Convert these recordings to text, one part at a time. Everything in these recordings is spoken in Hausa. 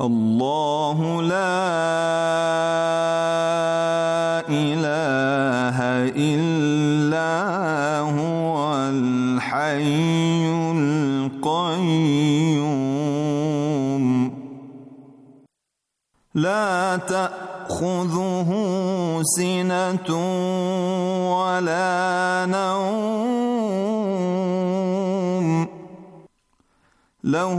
الله لا إله إلا هو الحي القيوم لا تأخذه سنة ولا نوم له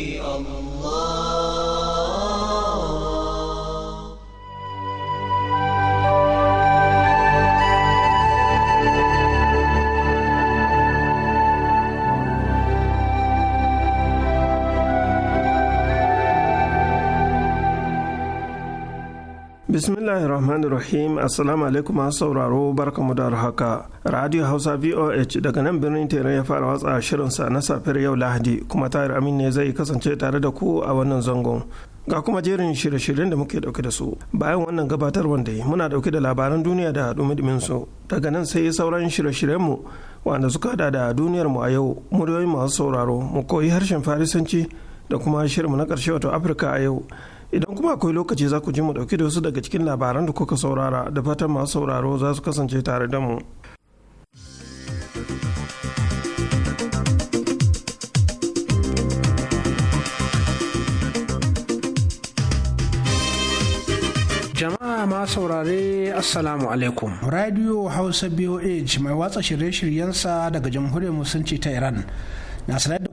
bismillahir rahmanir rahim assalamu alaikum masu sauraro barka mu da haka radio hausa voh daga nan birnin tere ya fara watsa shirin sa na safiyar yau lahadi kuma tayar amin ne zai kasance tare da ku a wannan zangon ga kuma jerin shirye-shiryen da muke dauke da su bayan wannan gabatar wanda muna dauke da labaran duniya da dumi su daga nan sai sauran shirye shiryen mu wanda suka hada da duniyar mu a yau muryoyin masu sauraro mu koyi harshen farisanci da kuma shirinmu na karshe wato afirka a yau idan kuma akwai lokaci za ku ji mu dauki da wasu daga cikin labaran da kuka saurara da fatan masu sauraro za su kasance tare da mu jama'a ma saurare assalamu alaikum radio hausa boh mai watsa shirye-shiryensa daga jamhuriyar musulunci ta iran na sanar da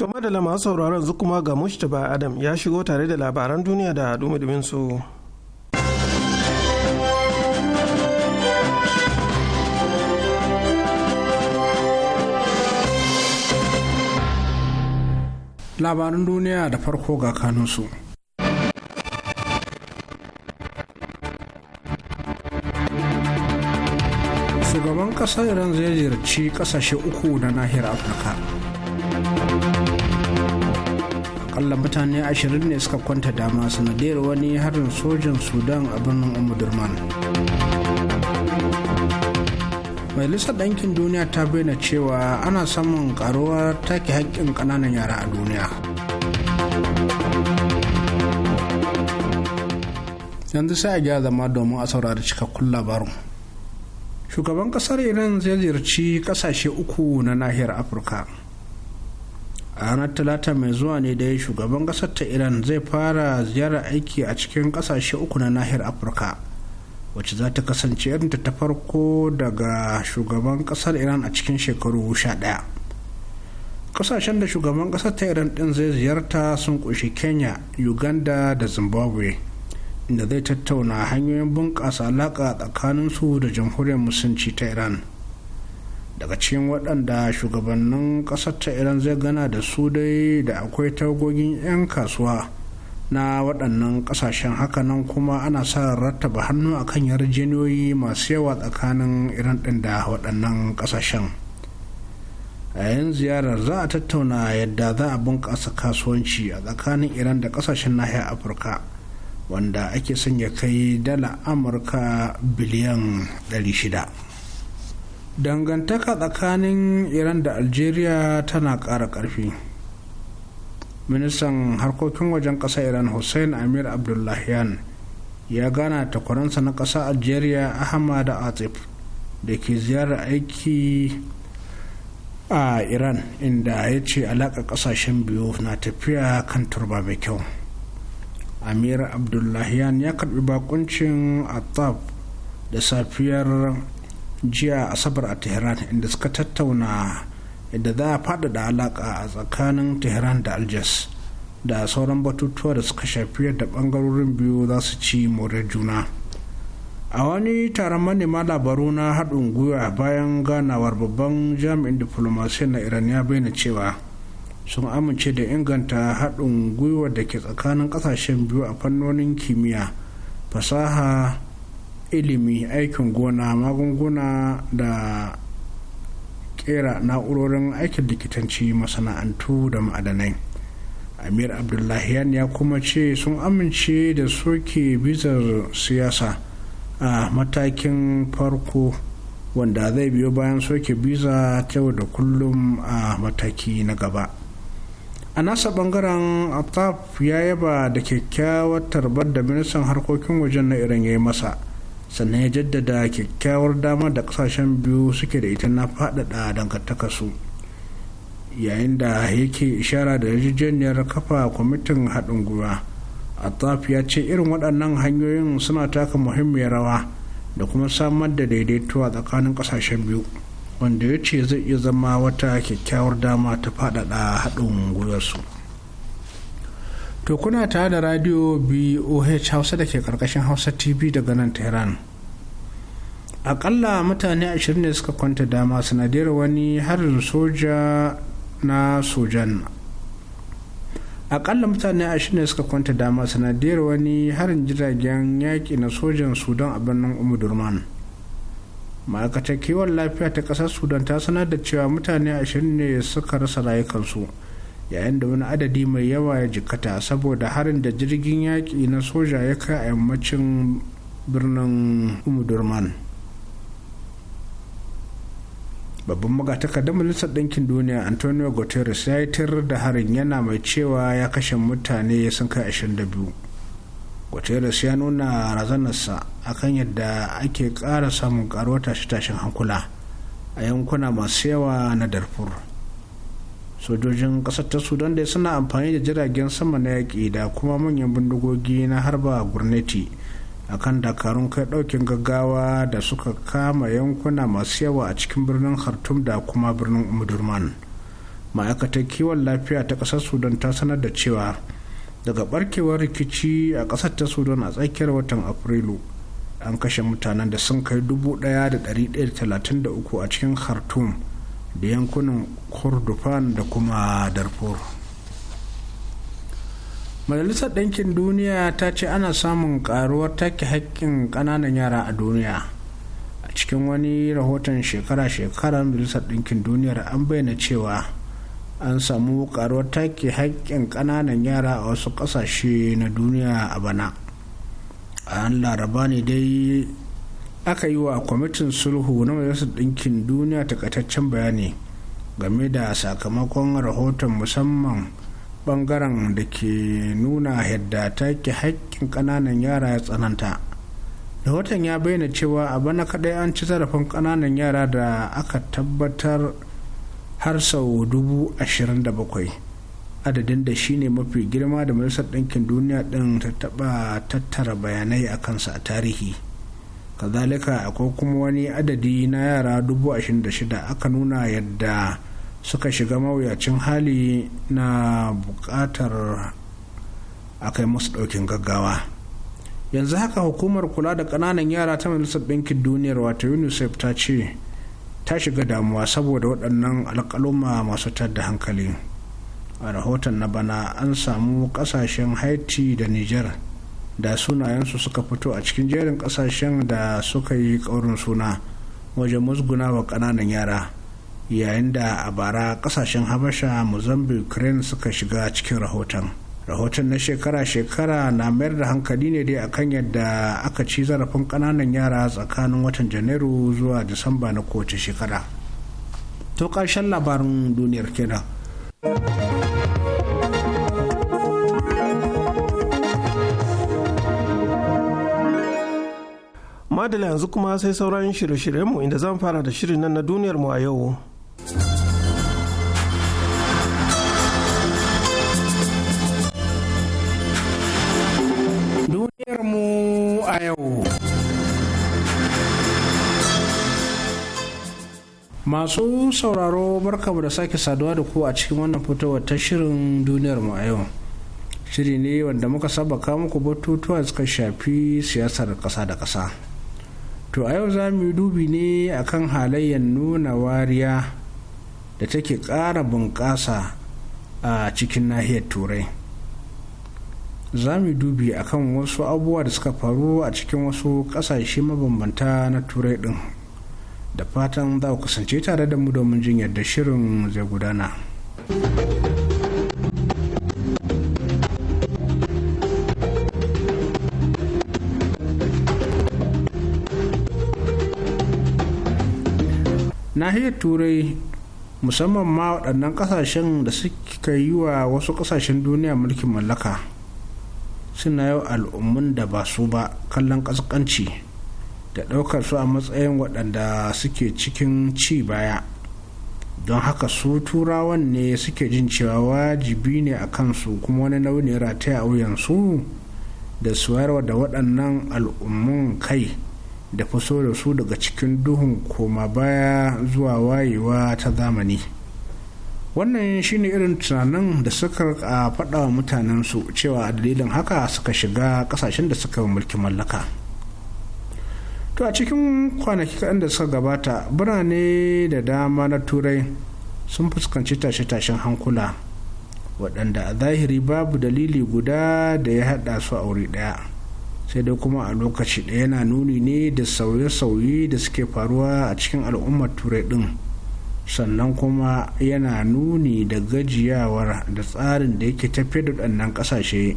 To madalla masu sauraron zu kuma ga Mustapha Adam ya shigo tare da labaran duniya da dumudumin su. Labaran duniya da farko ga kanunsu. Shugaban ƙasar Iran zai ziyarci ƙasashe uku na nahiyar Afirka. akalla mutane ashirin ne suka kwanta dama sanadiyar wani harin sojan sudan a birnin umudurman majalisar ɗankin duniya ta bayyana cewa ana samun karuwar take haƙƙin ƙananan yara a duniya yanzu sai a gya zama domin a saurari cikakkun labarin shugaban ƙasar iran zai ziyarci ƙasashe uku na nahiyar afirka a ranar talata mai zuwa ne da shugaban kasar ta iran zai fara ziyarar aiki a cikin kasashe uku na nahiyar afirka wacce za ta kasance irinta ta farko daga shugaban kasar iran a cikin shekaru sha ɗaya kasashen da shugaban kasar ta iran din zai ziyarta sun kunshi kenya uganda da zimbabwe inda zai tattauna hanyoyin bunƙasa alaƙa tsakaninsu da jamhuriyar musulunci ta iran daga cikin waɗanda shugabannin ƙasar ta iran zai gana da su dai da akwai tagogin 'yan kasuwa na waɗannan ƙasashen hakanan kuma ana sa rattaba hannu a kan yarjejeniyoyi masu yawa tsakanin iran ɗin da waɗannan ƙasashen a yayin ziyarar za a tattauna yadda za a bunƙasa kasuwanci a tsakanin iran da ƙasashen nahiyar afirka wanda ake sanya kai dala amurka biliyan 600 dangantaka tsakanin iran da algeria tana ƙara ƙarfi ministan harkokin wajen ƙasa iran hussein amir abdullahian ya gana takwaransa na ƙasa algeria ahmad atif da ke ziyarar aiki a iran inda ya ce alaƙa ƙasashen biyu na tafiya kan turba mai kyau amir abdullahian ya karbi bakuncin atab da safiyar jiya asabar a tehran inda suka tattauna inda za a faɗaɗa alaƙa a tsakanin tehran da algiers da sauran batutuwa da suka shafi yadda bangarorin biyu za su ci more juna a wani taron manema labaru na haɗin gwiwa bayan ganawar babban jami'in diflomasiyya na iran ya bayyana cewa sun amince da inganta haɗin gwiwa da ke tsakanin ƙasashen biyu a fannonin kimiyya fasaha ilimi aikin gona magunguna da kera na'urorin aikin likitanci masana'antu da ma'adanai amir abdullahi ya kuma ce sun amince da soke bizar siyasa a matakin farko wanda zai biyo bayan soke biza ta da kullum a mataki na gaba a nasa bangaren ataf ya yaba da kyakkyawar tarbar da ministan harkokin wajen na iran ya yi masa sannan ya jaddada kyakkyawar dama da kasashen biyu suke da ita na faɗaɗa su yayin da yake ishara da yarjejeniyar kafa kwamitin haɗin gwiwa attaf ya ce irin waɗannan hanyoyin suna taka muhimmiyar rawa da kuma samar da daidaito a tsakanin ƙasashen biyu wanda ya ce zai iya zama wata kyakkyawar dama ta faɗaɗa haɗin gwiwarsu. To kuna tare da radio BOH Hausa da ke karkashin Hausa TV daga nan Tehran. Akalla mutane ashirin ne suka kwanta dama sanadiyar wani harin soja na sojan. Akalla mutane ashirin ne suka kwanta dama sanadiyar wani harin jiragen yaƙi na sojan Sudan a birnin Umudurman. Ma'aikatar kiwon lafiya ta ƙasar Sudan ta sanar da cewa mutane ashirin ne suka rasa rayukansu. yayin da wani adadi mai yawa ya jikata saboda harin da jirgin yaƙi na soja ya kai a yammacin birnin umudurman babban da majalisar ɗinkin duniya antonio guterres ya yi tir da harin yana mai cewa ya kashe mutane sun kai 22 guterres ya nuna razanarsa akan yadda ake ƙara samun ƙaruwar tashe-tashen hankula a yankuna masu yawa na darfur sojojin kasar ta sudan da suna amfani da jiragen sama na yaƙi da kuma manyan bindigogi na harba gurneti akan dakarun kai ɗaukin gaggawa da suka kama yankuna masu yawa a cikin birnin khartoum da kuma birnin umdurman ma'aikatar kiwon lafiya ta ƙasar sudan ta sanar da cewa daga barkewar rikici a ƙasar ta sudan a tsakiyar watan afrilu an kashe mutanen da sun kai 1,133 a cikin khartoum da yankunan kordofan da kuma darfur majalisar ɗinkin duniya ta ce ana samun karuwar take haƙƙin ƙananan yara a duniya a cikin wani rahoton shekara-shekara majalisar ɗinkin duniyar an bayyana cewa an samu karuwar take haƙƙin ƙananan yara a wasu ƙasashe na duniya a bana a laraba ne dai aka yi wa kwamitin sulhu na majalisar ɗinkin duniya takataccen bayani game da sakamakon rahoton musamman ɓangaren da ke nuna yadda take haƙƙin ƙananan yara ya tsananta rahoton ya bayyana cewa a bana kaɗai an ci zarafin ƙananan yara da aka tabbatar har sau dubu ashirin da bakwai adadin da shine mafi girma da majalisar ɗinkin duniya ɗin ta taɓa tattara bayanai a kansa a tarihi kazalika akwai kuma wani adadi na yara dubu aka nuna yadda suka shiga mawuyacin hali na bukatar kai musu ɗaukin gaggawa yanzu haka hukumar kula da ƙananan yara ta majalisar ɗinkin duniyar wato unicef ta ce ta shiga damuwa saboda waɗannan alƙaluma masu tadda hankali a rahoton na bana an samu ƙasashen haiti da niger da sunayensu suka fito a cikin jerin kasashen da suka yi ƙaurin suna wajen musguna wa ƙananan yara yayin da a bara kasashen habasha mozambique ukraine suka shiga cikin rahoton rahoton na shekara-shekara na mayar da hankali ne dai akan yadda aka ci zarafin ƙananan yara tsakanin watan janairu zuwa disamba na kowace shekara to ƙarshen labarin duniyar kenan. amma da yanzu kuma sai sauran shirye-shiryenmu inda zan fara da shirin nan na duniyar mu a yau masu sauraro barkamu da sake saduwa da ku a cikin wannan fitowar ta shirin duniyar mu a yau shiri ne wanda muka saba muku batutuwa suka shafi siyasar kasa da kasa to a yau za mu yi dubi ne akan halayyar nuna wariya da take ƙara bunƙasa a cikin nahiyar turai za mu yi dubi akan wasu abubuwa da suka faru a cikin wasu ƙasashe mabambanta na turai ɗin da fatan za ku kasance tare da mu domin jin yadda shirin zai gudana. nahiyar turai musamman ma waɗannan ƙasashen da suka yi wa wasu ƙasashen duniya mulkin mallaka suna yau al'ummun da ba su ba kallon ƙasƙanci da ɗaukar su a matsayin waɗanda suke cikin ci baya don haka su turawan ne suke jin cewa wajibi ne a kansu kuma wani nau'in rataya a wuyansu da suwarwa da waɗannan al'ummun kai da fuso da su daga cikin duhun koma baya zuwa wayewa ta zamani wannan shine irin tunanin da suka a faɗa wa su cewa a dalilin haka suka shiga kasashen da suka mulkin mallaka to a cikin kwanaki kaɗan da suka gabata birane da dama na turai sun fuskanci tashe-tashen hankula waɗanda a zahiri babu dalili guda da ya haɗa su a wuri ɗaya sai dai kuma a lokaci ɗaya yana nuni ne da sauye-sauye da suke faruwa a cikin al'ummar turai ɗin sannan kuma yana nuni da gajiyawar da tsarin da yake tafiye da waɗannan ƙasashe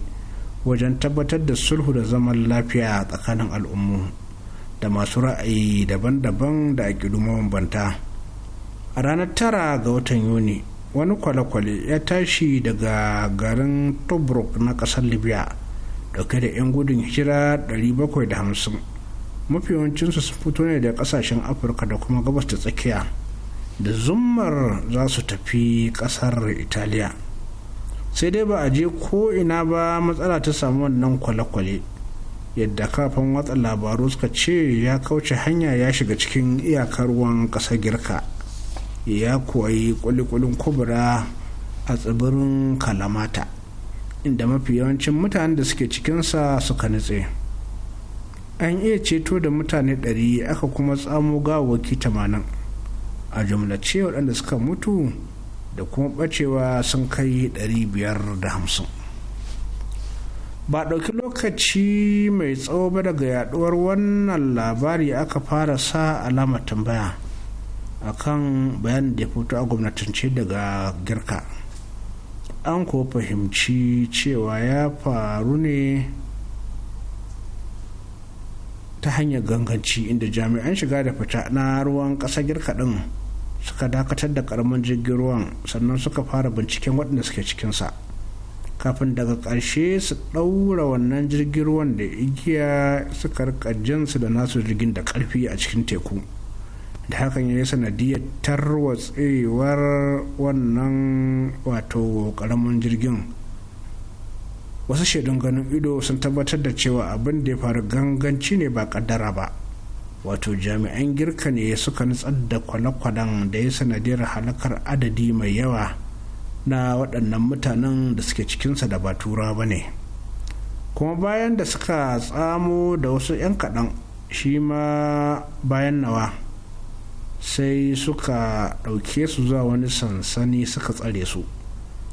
wajen tabbatar da sulhu da zaman lafiya a tsakanin al'ummu da masu ra'ayi daban-daban da aƙidu banta. a ranar tara ga watan yuni wani kwale-kwale ya tashi daga garin tobruk na ƙasar libya dauke da 'yan gudun hijira 750 mafi yawancinsu sun fito ne daga kasashen afirka da kuma gabas da tsakiya da zummar za su tafi kasar italiya sai dai ba a je ko ina ba matsala ta samu wannan kwale-kwale yadda kafin watsa labaru suka ce ya kauce hanya ya shiga cikin iyakar ruwan kasar girka ya koyi kwalikwalin kubura a tsibirin kalamata inda mafi yawancin mutanen da suke cikinsa suka nutse an iya ceto da mutane 100 aka kuma tsamo gawawwaki 80 a jumlace waɗanda suka mutu da kuma ɓacewa sun kai 550 ba ɗauki lokaci mai tsawo ba daga yaɗuwar wannan labari aka fara sa alamar tambaya akan bayan da ya fito a gwamnatance daga girka an ko fahimci cewa ya faru ne ta hanyar ganganci inda jami'an shiga da fita na ruwan ƙasa girka ɗin suka dakatar da ƙaramin jirgin ruwan sannan suka fara binciken waɗanda suke cikinsa kafin daga ƙarshe su ɗaura wannan jirgin ruwan da igiya suka rika jinsu da nasu jirgin da ƙarfi a cikin teku. da hakan ya yi sanadiyar tarwatsewar wannan wato karamin jirgin wasu shaidun ganin ido sun tabbatar da cewa abin da ya faru ganganci ne ba kaddara ba wato jami'an girka ne suka nutsar da kwale-kwalen da ya sanadiyar halakar adadi mai yawa na waɗannan mutanen da suke cikinsa da ba tura ba ne kuma bayan da suka tsamo da wasu 'yan kaɗan shi ma bayan nawa sai suka ɗauke su zuwa wani sansani suka tsare su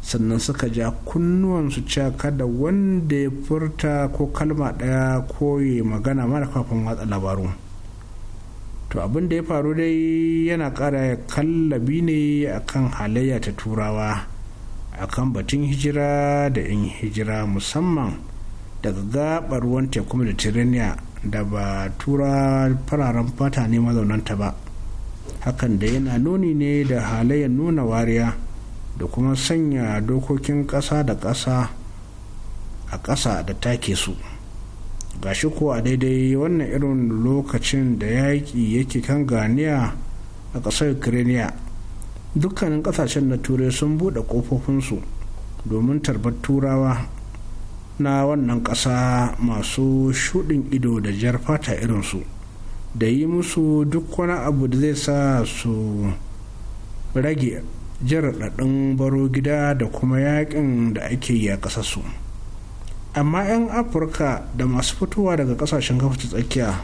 sannan suka ja kunnuwansu cewa kada wanda ya furta ko kalma ɗaya ko ya magana mara kafin watsa labaru to abin da ya faru dai yana ƙara kallabi ne akan halayya ta turawa akan batun hijira da in hijira musamman daga gabar ruwan teku mediterranean da ba tura fararen fata ne mazaunanta ba hakan da yana nuni ne da halayen nuna wariya da kuma sanya dokokin ƙasa da ƙasa a ƙasa da take su gashi ko a daidai wannan irin lokacin da yaƙi yake kan ganiya a ƙasar ukraine dukkanin ƙasashen na turai sun buɗe ƙofofinsu domin tarbar turawa na wannan ƙasa masu shuɗin ido da jar fata irinsu. su da yi musu duk wani abu da zai sa su rage jiraɗaɗin baro gida da kuma yaƙin da ake yi a ƙasarsu amma 'yan afirka da masu fitowa daga ƙasashen kafin tsakiya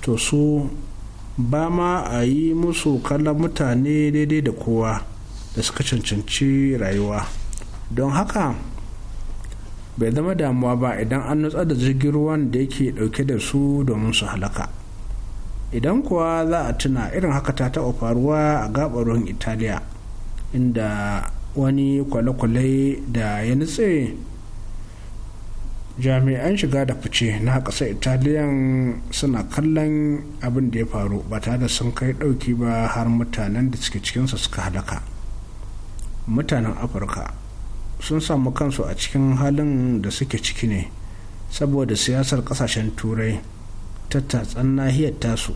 to su ba ma a yi musu kallon mutane daidai da kowa da suka cancanci rayuwa don haka bai zama damuwa ba idan an nutsar da jirgin ruwan da yake dauke da su domin su halaka idan kuwa za a tuna irin haka ta taɓa faruwa a gabarin italiya inda wani kwale-kwale da ya nutse jami'an shiga da fice na ƙasar italiyan suna kallon abin da ya faru ba tare da sun kai ɗauki ba har mutanen da suke cikinsa suka halaka mutanen afirka sun samu kansu a cikin halin da suke ciki ne saboda siyasar ƙasashen turai ta tatsan nahiyar tasu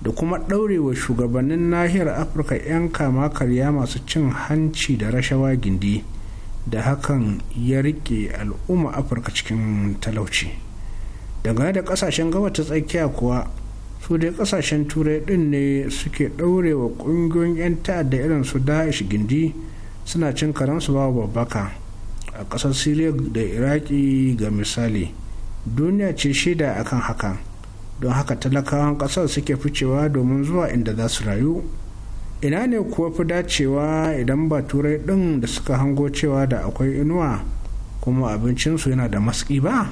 da kuma ɗaurewa shugabannin nahiyar afirka 'yan kama karya masu cin hanci da rashawa gindi da hakan ya rike al'umma afirka cikin talauci dangane da kasashen gaba ta tsakiya kuwa su dai kasashen turai din ne suke ɗaurewa ƙungiyoyin 'yan ta'adda irin su da'ish gindi suna cin karansu ba babbaka a ƙasar syria da iraki ga misali duniya ce shaida akan hakan haka don haka talakawan ƙasar suke ficewa domin zuwa inda za su rayu ina ne kuwa fi dacewa idan ba turai ɗin da suka hango cewa da akwai inuwa kuma abincinsu yana da masƙi ba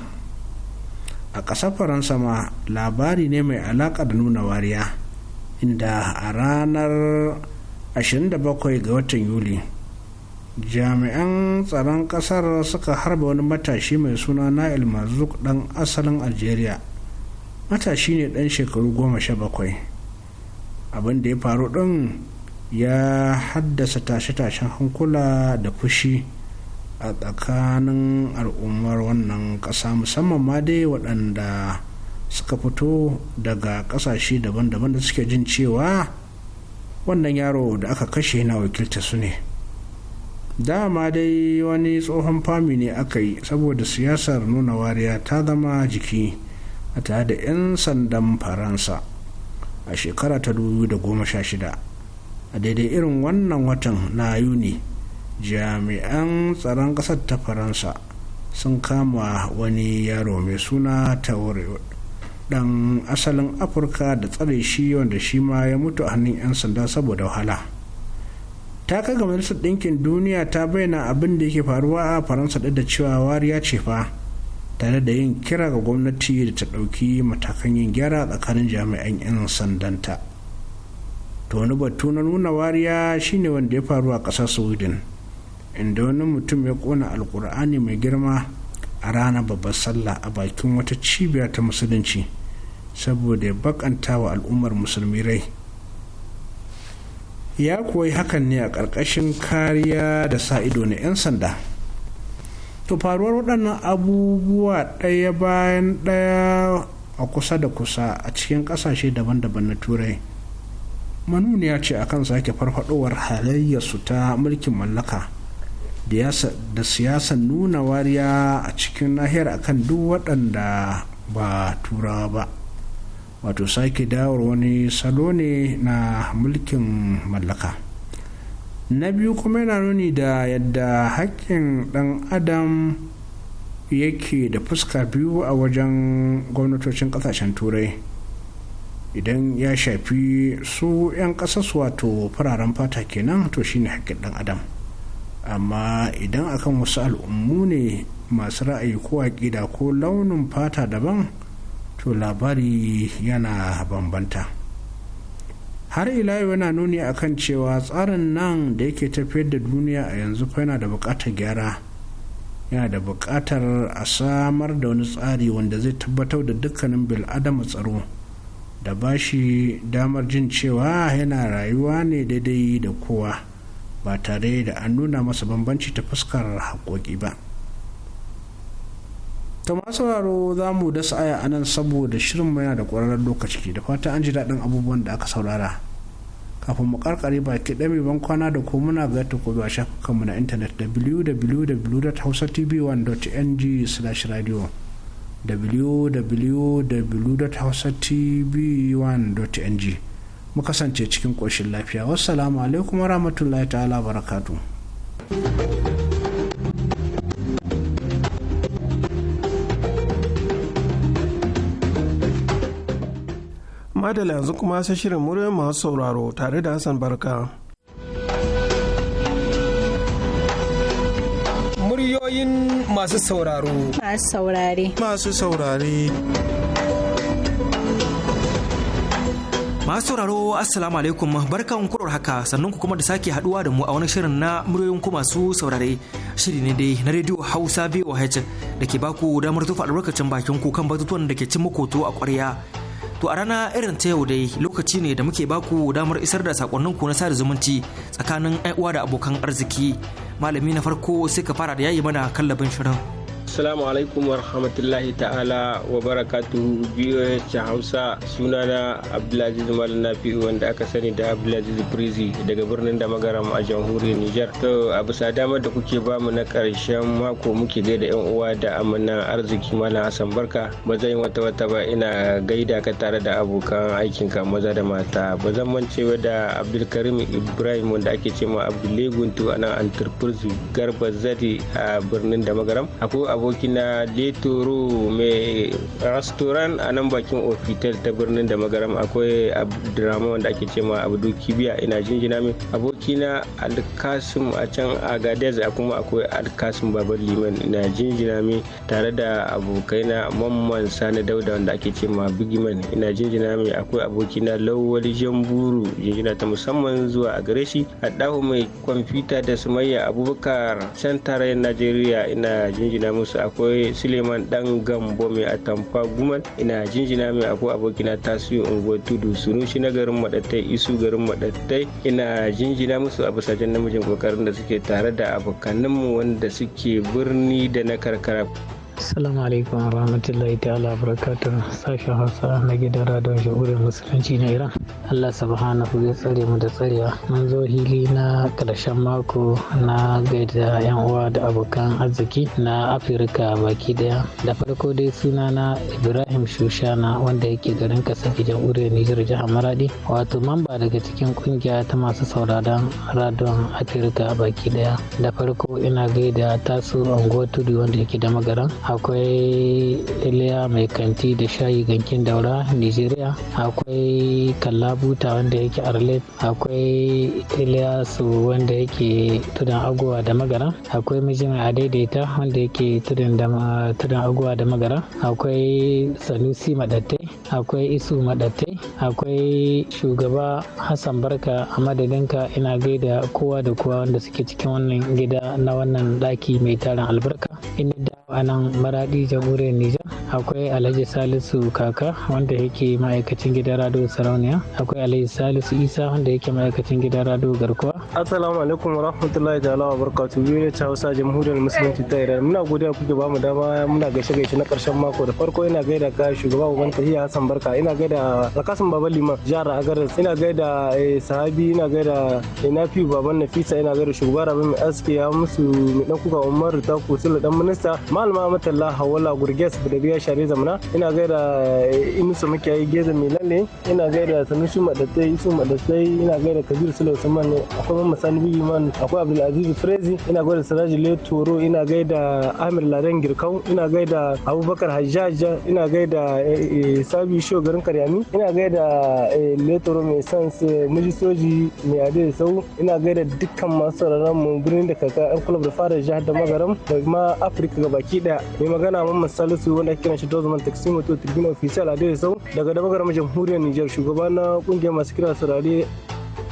a ƙasar faransa ma labari ne mai alaƙa da nuna wariya inda a ranar 27 ga watan yuli jami'an tsaron ƙasar suka harba wani matashi mai suna na'il mazuk ɗan asalin algeria matashi ne ɗan shekaru goma sha bakwai abin da ya faru din ya haddasa tashe-tashen hankula da fushi a tsakanin al'ummar wannan ƙasa musamman ma dai waɗanda suka fito daga ƙasashe daban-daban da suke jin cewa wannan yaro da aka kashe na wakilta su ne dama dai wani tsohon fami ne aka yi saboda siyasar nuna wariya ta zama jiki a tare da 'yan sandan faransa a shekara ta 2016 a daidai irin wannan watan na yuni jami'an tsaron ƙasar ta faransa sun kama wani yaro mai suna ta dan asalin afirka da tsare shi wanda shi ma ya mutu a hannun 'yan sanda saboda wahala ta kaga majalisar ɗinkin duniya ta bayyana abin da yake faruwa a faransa da cewa wariya ce fa tare da yin kira ga gwamnati da ta ɗauki matakan yin gyara tsakanin jami'an 'yan sandanta to wani batu na nuna wariya shine wanda ya faru a ƙasar sweden inda wani mutum ya ƙona alkur'ani mai girma a ranar babbar sallah a bakin wata cibiya ta musulunci saboda ya bakanta wa al'ummar musulmi rai ya koyi hakan ne a ƙarƙashin kariya da sa ido na 'yan sanda to faruwar waɗannan abubuwa ɗaya bayan ɗaya a kusa da kusa a cikin ƙasashe daban-daban na turai manuniya ce akan sake farfadowar halayyarsu ta mulkin mallaka da siyasar nuna wariya a cikin nahiyar akan duk waɗanda ba turawa ba wato sake dawar wani salo ne na mulkin mallaka. na biyu kuma yana nuni da yadda haƙƙin ɗan adam yake da fuska biyu a wajen gwamnatocin ƙasashen turai idan ya shafi su 'yan ƙasas wato fararen fata kenan to shine haƙƙin ɗan adam amma idan akan wasu al'ummu ne masu ra'ayi ko aƙida ko launin fata daban to labari yana bambanta. har ila yana nuni akan cewa tsarin nan da yake tafiyar da duniya a yanzu fa yana da buƙatar gyara yana da buƙatar a samar da wani tsari wanda zai tabbatar da dukkanin bil'adama tsaro da ba shi damar jin cewa yana rayuwa ne daidai da kowa ba tare da an nuna masa bambanci ta fuskar haƙoƙi ba. ta sauraro za mu dasa aya a nan saboda shirin yana da ƙwararren lokaci da fata an ji daɗin abubuwan da aka saurara kafin mu karkare baki ɗami ban kwana da ko muna ga ta ko shafukan mu na intanet www.hausatv1.ng slash radio www.hausatv1.ng mu kasance cikin ƙoshin lafiya wassalamu alaikum warahmatullahi ta'ala barakatu. da yanzu kuma sai shirin muryoyin masu sauraro tare da hassan barka muryoyin masu sauraro masu saurare masu saurare masu sauraro assalamu alaikum barkan kurar haka sannan ku kuma da sake haduwa da mu a wani shirin na muryoyin ku masu saurare shiri ne dai na rediyo hausa voh da ke baku damar tufa albarkacin bakin ku kan batutuwan da ke cin makoto a kwarya To a rana irin ta yau dai lokaci ne da muke baku damar isar da sakonnin ku na sada zumunci tsakanin uwa da abokan arziki. Malami na farko sai ka fara da yayi mana kallabin shirin. Assalamu alaikum wa rahmatullahi ta'ala wa barakatuhu biyoyin Hausa sunana Abdulaziz Malam Nafi wanda aka sani da Abdulaziz Prezi daga birnin da magaram a jamhuriyar Nijar. To a bisa damar da kuke bamu na karshen mako muke gaida yan uwa da amana arziki Malam Hassan Barka ba zan wata wata ba ina gaida ka tare da abokan aikin ka maza da mata ba zan mance da Abdulkarim Ibrahim wanda ake cewa Abdulleguntu a nan Antirpurzu Garba Zadi a birnin da magaram. abokina letoro mai restaurant a nan bakin ofitel ta birnin da magaram akwai abdurrahman wanda ake cema abdu kibiya ina jinjina mai abokina alkasim a can gadez a kuma akwai alkasim babar liman ina jinjina mai tare da abokaina mamman sani dauda wanda ake cema bigiman ina jinjina mai akwai abokina lawal jamburu jinjina ta musamman zuwa a gare shi a mai kwamfuta da sumayya abubakar can tarayyar najeriya ina jinjina musu su akwai suleiman dan gambo mai atamfa gumal ina jinjina mai abu abokina tasiu unguwa tudu sunushi na garin madattai isu garin madattai ina jinjina musu a bisajen namijin kokarin da suke tare da abokanninmu wanda suke birni da na karkara Assalamu alaikum warahmatullahi ta'ala barakatuh sashen Hausa na gidan radon shahurin musulunci na Iran. Allah subhanahu ya tsare mu da tsarewa. Mun zo hili na karshen mako na gaida yan uwa da abokan arziki na Afirka baki daya. Da farko dai suna na Ibrahim Shushana wanda yake garin Katsina jamhuriyar Nijar jihar Maradi. Wato mamba daga cikin ƙungiya ta masu sauraron radon Afirka baki daya. Da farko ina gaida taso Anguwa Tudu wanda yake da magaran akwai iliya mai kanti da shayi gankin daura nigeria akwai kallabuta wanda yake arlet akwai su wanda yake tudun agowa da magara akwai mijin a daidaita wanda yake tudun agowa da magara akwai sanusi madattai akwai isu madattai akwai shugaba hassan barka a madadinka ina gaida kowa da kowa wanda suke cikin wannan gida na wannan daki mai tarin albarka dawa da anan maradi jamhuriyar Nijar akwai Alhaji Salisu Kaka wanda yake ma'aikacin gidan Rado Sarauniya akwai Alhaji Salisu Isa wanda yake ma'aikacin gidan Rado Garkuwa Assalamu alaikum rahmatullahi ta'ala wa barakatuh ne ta Hausa Jamhuriyar Musulunci ta Iran muna godiya kuke bamu dama muna gaishe gaishe na karshen mako da farko ina gaida ka shugaba uban tahiya Hassan Barka ina gaida lakasin Baba Liman jihar Agadas ina gaida eh, Sahabi ina gaida Inafi eh, Baban Nafisa ina gaida shugaba Rabi Mai Aski ya musu mai dan kuka Umar Taku Sulu dan minista Malama murtala hawala gurges biya share zamana ina gaida eh, inusa makiyayi geza mai lalle ina sanu sanusi madatsai isu madatsai ina gaida kabir sule ne akwai mamman sani biyu man akwai abdulaziz frezi ina gaida siraji le toro ina gaida amir ladan girkau ina gaida abubakar hajjaja ina gaida eh, eh, sabi sho garin karyami ina gaida le toro mai sans miji soji mai ade sau ina gaida dukkan masu sauraron mu birnin da kaka yan kulub da fara jihar da magaram da ma afirka gabaki daya mai magana mun salisu wanda kiran shi dozman taxi moto tribunal official a daidai sau daga damar jamhuriyar niger shugaba na kungiyar masu kira saurare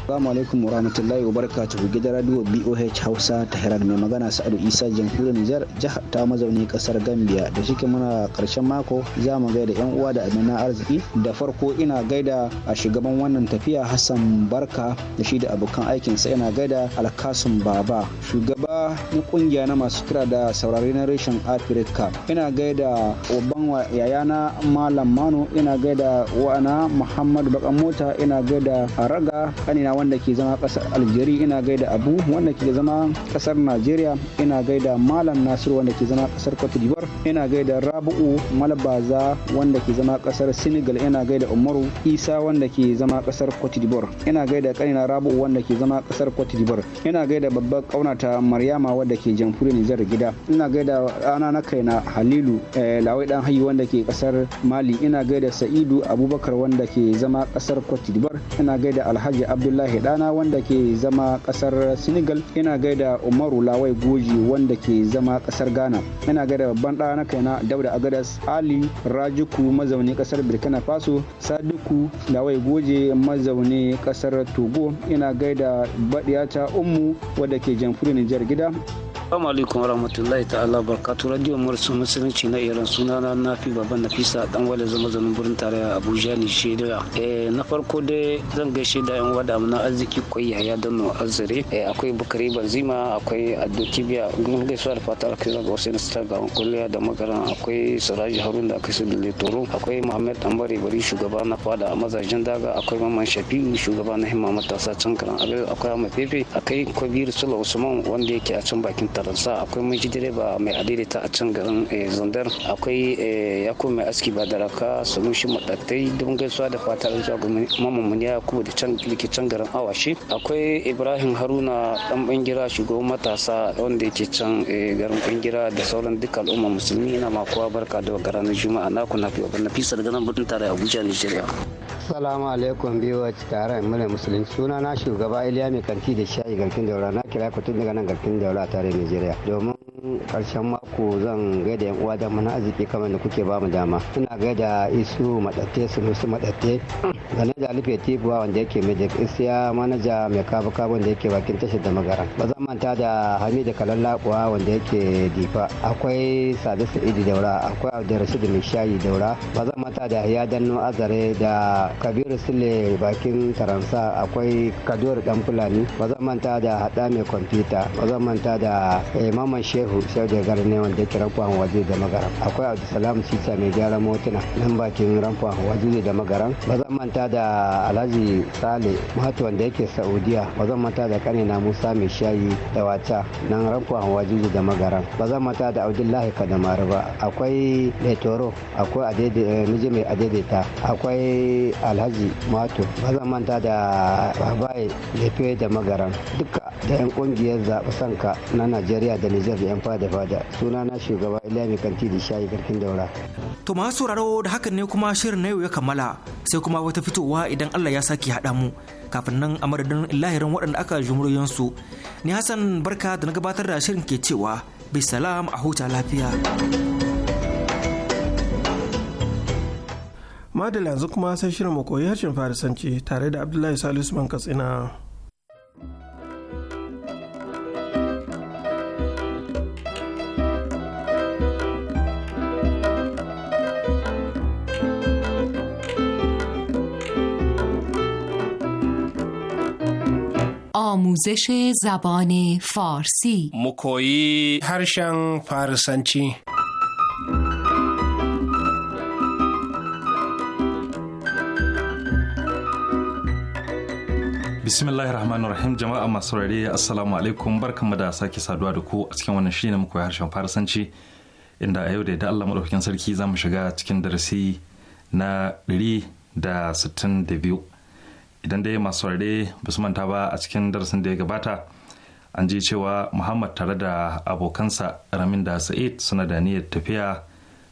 Assalamu alaikum wa rahmatullahi wa gidan radio BOH Hausa ta hirar mai magana Sa'adu Isa jamhuriyar Nijar jihar ta mazauni kasar Gambia da shike muna karshen mako za mu gaida yan uwa da amina arziki da farko ina gaida a shugaban wannan tafiya Hassan Barka da shi da abokan aikinsa ina gaida Alkasum Baba shugaba na kungiya na masu kira da saurare na reshen Afirka ina gaida uban yayana Malam Mano ina gaida wa'ana Muhammad Bakan Mota ina gaida Raga kanina wanda ke zama kasar Algeria ina gaida Abu wanda ke zama kasar Najeriya ina gaida Malam Nasiru wanda ke zama kasar Cote d'Ivoire ina gaida Rabu'u Malbaza wanda ke zama kasar Senegal ina gaida Umaru Isa wanda ke zama kasar Cote d'Ivoire ina gaida Kanina Rabu'u wanda ke zama kasar Cote d'Ivoire ina gaida babbar kaunata Maryama wanda ke jamhuriyar Nijar gida ina gaida ana na kaina Halilu eh, Lawai dan Hayi wanda ke kasar Mali ina gaida Sa'idu Abubakar wanda ke zama kasar Cote d'Ivoire ina gaida Alhaji Abdullahi Hidana wanda ke zama kasar senegal ina gaida umaru lawai goji wanda ke zama kasar ghana ina gaida babban ɗa na kaina dauda agadas ali rajuku mazauni kasar burkina faso sadiku lawai goje mazauni kasar togo ina gaida badiyata ummu wadda ke jamfuri nijar gida Assalamu alaikum warahmatullahi ta'ala barkatu radio Mursu Musulunci na Iran sunana na fi Baban Nafisa dan wale zama zanen tare a Abuja ni Eh na farko dai zan gaishe da yan wada na arziki koyi haya Dano Azare. Eh, akwai Bukari Banzima akwai adotibia Kibiya gun gaisuwa da fata alkai zaga wasu na star gawan kulliya da magaran akwai Siraji Harun da aka Toro akwai Muhammad Tambari Bari shugaba na fada a mazajen daga akwai Maman Shafi'u shugaba na himma matasa can karan akwai Ahmad Fefe akwai Kabiru Sula Usman wanda yake a can bakin taransa akwai mun direba mai adaidaita a can garin eh, zandar akwai eh, ya mai aski ba da raka su mun shi don gaisuwa da fatar zuwa ga ya kuma da can can garin awashi akwai ibrahim haruna dan bangira shugaban matasa wanda yake can eh, garin bangira da sauran duka al'umma musulmi ina makuwa barka da ranar juma'a na kuna fi wa na fisa ganin nan tare abuja nigeria Assalamu alaikum biyu tare mulai musulunci suna na shugaba Iliya mai kanti da shayi garkin daura na kira ku tun daga nan garkin daura tare Najeriya domin karshen mako zan gaida yan uwa da mana arziki kamar da kuke bamu dama Suna gaida isu madatte sunusu madatte manaja alife tibuwa wanda yake mai isiya manaja mai kabu kabu wanda yake bakin tashar da magara ba zan manta da hamida kalallabuwa wanda yake difa akwai sadu sa'idi daura akwai abdul rashid mai shayi daura ba zan manta da ya danno azare da kabiru sule bakin taransa akwai kaduwar dan fulani ba zan manta da hada mai kwamfuta ba zan manta da eh, maman shehu shehu da ne wanda ke rankwan waje da magaran akwai abdulsalam sisa mai gyara motuna nan bakin rankwan waje da magaran ba zan manta da alhaji sale mahatu wanda yake saudiya ba zan manta da na musa mai shayi da wata nan rankwan waje da magaran ba zan manta da abdullahi kadamaru ba akwai mai toro akwai eh, miji mai adaidaita akwai alhaji mato manta da babaye lefe da magaran duka da 'yan kungiyar zaɓi sanka na najeriya da nijar da 'yan fada fada suna na shugaba ilami kanti da shayi garkin daura to masu sauraro da hakan ne kuma shirin na yau ya kammala sai kuma wata fitowa idan allah ya sake haɗa mu kafin nan a madadin lahirin waɗanda aka su ni hassan barka da na gabatar da shirin ke cewa bisalam a huta lafiya madala yanzu kuma sai shirin mu koyi harshen farisanci tare da abdullahi salisu man katsina آموزش زبان فارسی مکویی هرشن فارسنچی bismillahir rahmanir rahim jama'a masu rare assalamu alaikum barkanmu da sake saduwa da ku a cikin wannan shi ne muku harshen farasanci inda a yau da yadda allah madaukakin sarki za mu shiga cikin darasi na ɗari da sittin da biyu idan dai masu rare ba su manta ba a cikin darasin da ya gabata an ji cewa muhammad tare da abokansa ramin da sa'id suna da niyyar tafiya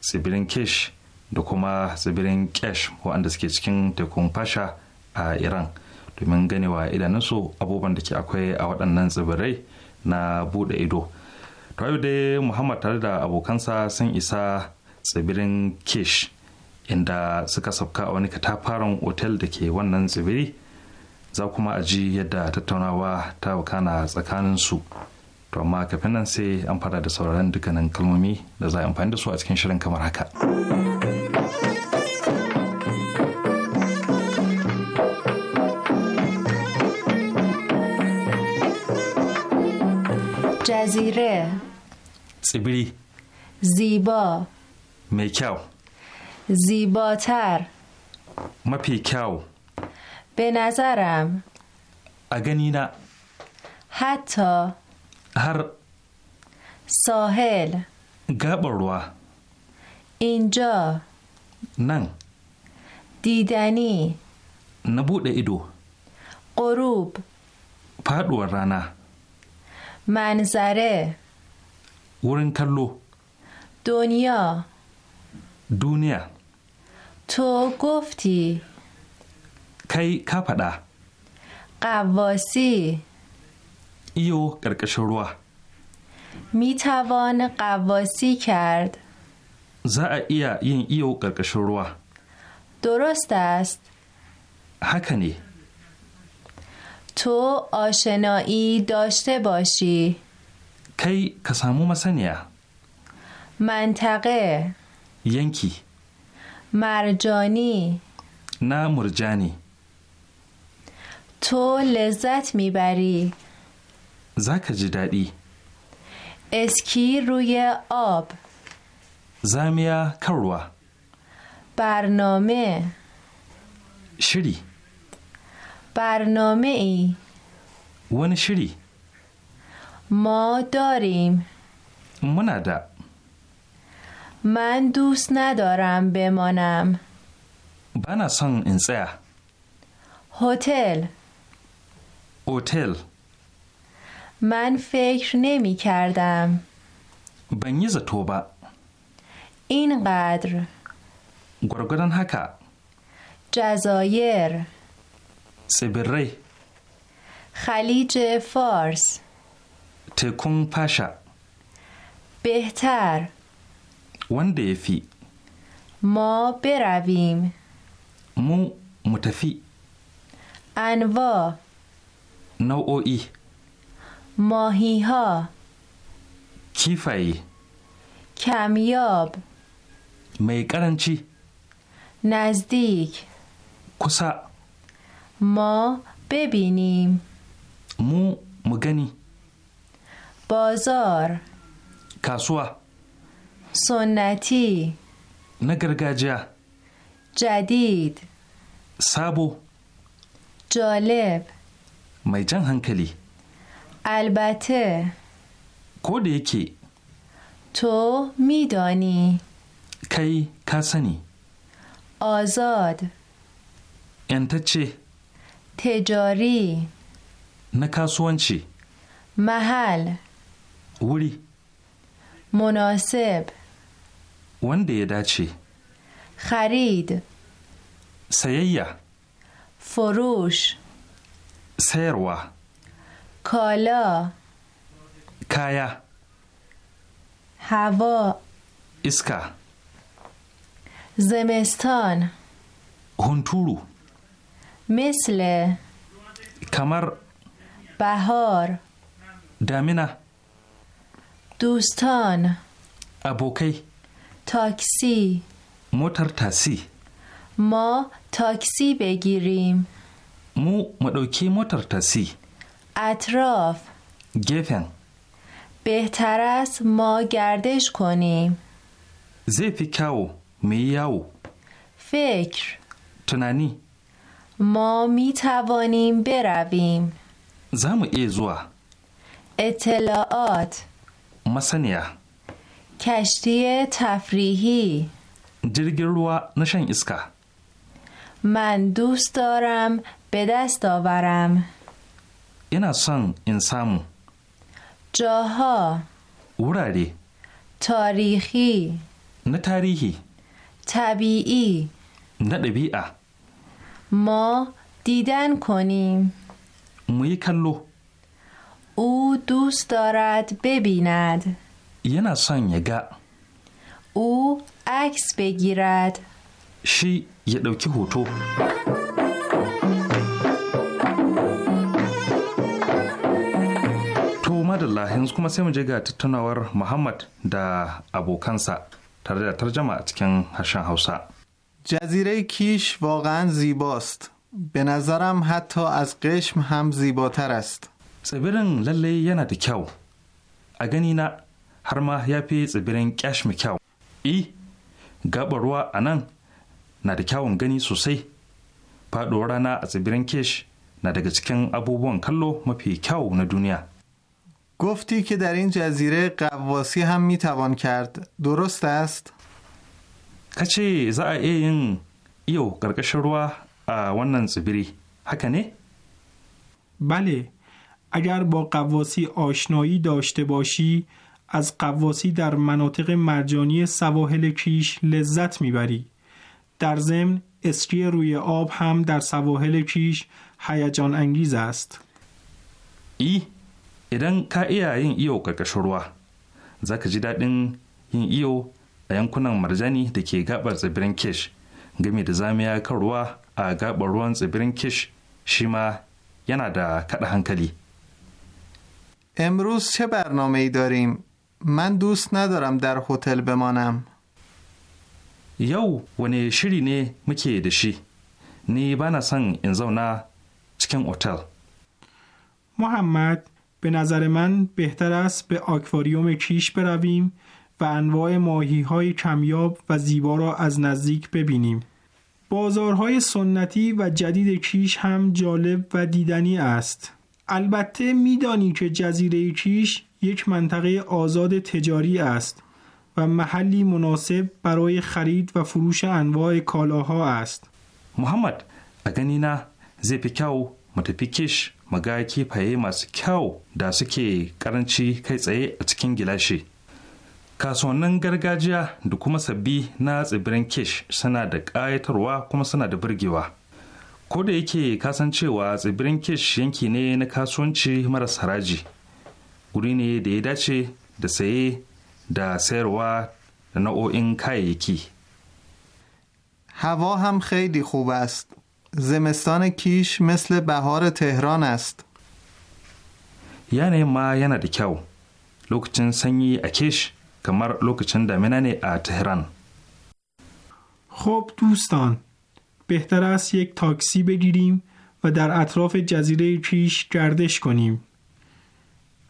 tsibirin kesh da kuma tsibirin kesh waɗanda suke cikin tekun fasha a iran domin ganewa idanunsu abubuwan da ke akwai a waɗannan tsibirai na buɗe ido yau dai muhammad tare da abokansa sun isa tsibirin kish inda suka sauka a wani katafaren otel da ke wannan tsibiri za kuma a ji yadda tattaunawa ta wakana tsakanin su to amma kafin nan sai an fara da sauraron dukkanin kalmomi da za a amfani da su a cikin shirin kamar haka. جزیره سیبری زیبا میکاو زیباتر مپیکاو به نظرم اگنینا حتی هر ساحل گابروا اینجا نن دیدنی نبود ایدو قروب پادوارانا. منظره ورن کلو دنیا دنیا تو گفتی کی کپدا قواسی ایو کرکشروا می توان قواسی کرد زا ایا این ایو کرکشروا درست است حکنی تو آشنایی داشته باشی کی کسامو مسنیا منطقه ینکی مرجانی نه مرجانی تو لذت میبری زک جدادی اسکی روی آب زامیا کروا برنامه شری برنامه ای شری ما داریم من من دوست ندارم بمانم بنا سن انسا هتل هتل من فکر نمی کردم بنیز تو با اینقدر گرگرن حکا جزایر سبره خلیج فارس تکون پاشا بهتر ونده فی. ما برویم مو متفی او نوعی ماهی ها کیفایی کمیاب می چی؟ نزدیک کسا ما ببینیم مو مگنی بازار کاسوا سنتی نگرگاجا جدید سابو جالب mai jan hankali. Albate. Koda yake. To midani. Kai ka sani. Ozod. ‘Yantacce. تجاری نکاسون چی؟ محل وری مناسب ونده یه چی؟ خرید سیه فروش سیروه کالا کایا هوا اسکا زمستان هونتورو مثل کمر بهار دامینه دوستان ابوکی تاکسی موتر تاسی ما تاکسی بگیریم مو مدوکی موتر تاسی اطراف گفن بهتر است ما گردش کنیم زیفی کاو میاو فکر تنانی ما می توانیم برویم زم ایزوا اطلاعات مسنیا کشتی تفریحی جرگروا نشن اسکا. من دوست دارم به دست آورم. اینا سن انسام جاها وراری تاریخی نه تاریخی طبیعی نه طبیعه ما دیدن کنیم می کلو او دوست دارد ببیند یه نسان یگا او عکس بگیرد شی یه دوکی هوتو madalla yanzu kuma sai mu je ga tattaunawar Muhammad da abokansa tare da tarjama a cikin harshen Hausa. جزیره کیش واقعا زیباست به نظرم حتی از قشم هم زیباتر است سبرن للی یه نده کیو اگه نینا هر ماه یا پی سبرن کشم کیو ای گاب انان نده گنی سوسی پا دورانا سبرن کش نده گچکن ابو بوان کلو مپی کیو نه دنیا گفتی که در این جزیره قواسی هم میتوان کرد درست است؟ که چی za a iya yin iyo ƙarƙashin ruwa a wannan tsibiri haka ne بله اگر با قواسی آشنایی داشته باشی از قواسی در مناطق مرجانی سواحل کیش لذت میبری در ضمن اسکی روی آب هم در سواحل کیش هیجان انگیز است ای idan که ایه این ایو کرکش ruwa za ka ji daɗin yin a yankunan marjani da ke gabar tsibirin kish game da zamiya kan ruwa a gabar ruwan tsibirin kish shi ma yana da kaɗa hankali امروز چه برنامه ای داریم؟ من دوست ندارم در هتل بمانم. یو ونه شری نه مکی دشی. نی بنا سن این زونا چکن هتل. محمد به نظر من بهتر است به آکواریوم کیش برویم و انواع ماهی های کمیاب و زیبا را از نزدیک ببینیم. بازارهای سنتی و جدید کیش هم جالب و دیدنی است. البته میدانی که جزیره کیش یک منطقه آزاد تجاری است و محلی مناسب برای خرید و فروش انواع کالاها است. محمد اگنینا زپیکاو متپیکش مگاکی پای کو کاو داسکی کرنچی کیسه اتکین گلاشی kasuwannin gargajiya da kuma sabbi na tsibirin kish suna da ƙayatarwa kuma suna da burgewa ko da yake kasancewa tsibirin kish yanki ne na kasuwanci maras haraji guri ne da ya dace da saye da sayarwa da na'o'in kayayyaki هوا هم خیلی خوب است. زمستان کیش مثل بهار تهران است. یعنی ما یعنی دکاو. لوکچن سنگی اکیش kamar lokacin تهران خب دوستان بهتر است یک تاکسی بگیریم و در اطراف جزیره کیش گردش کنیم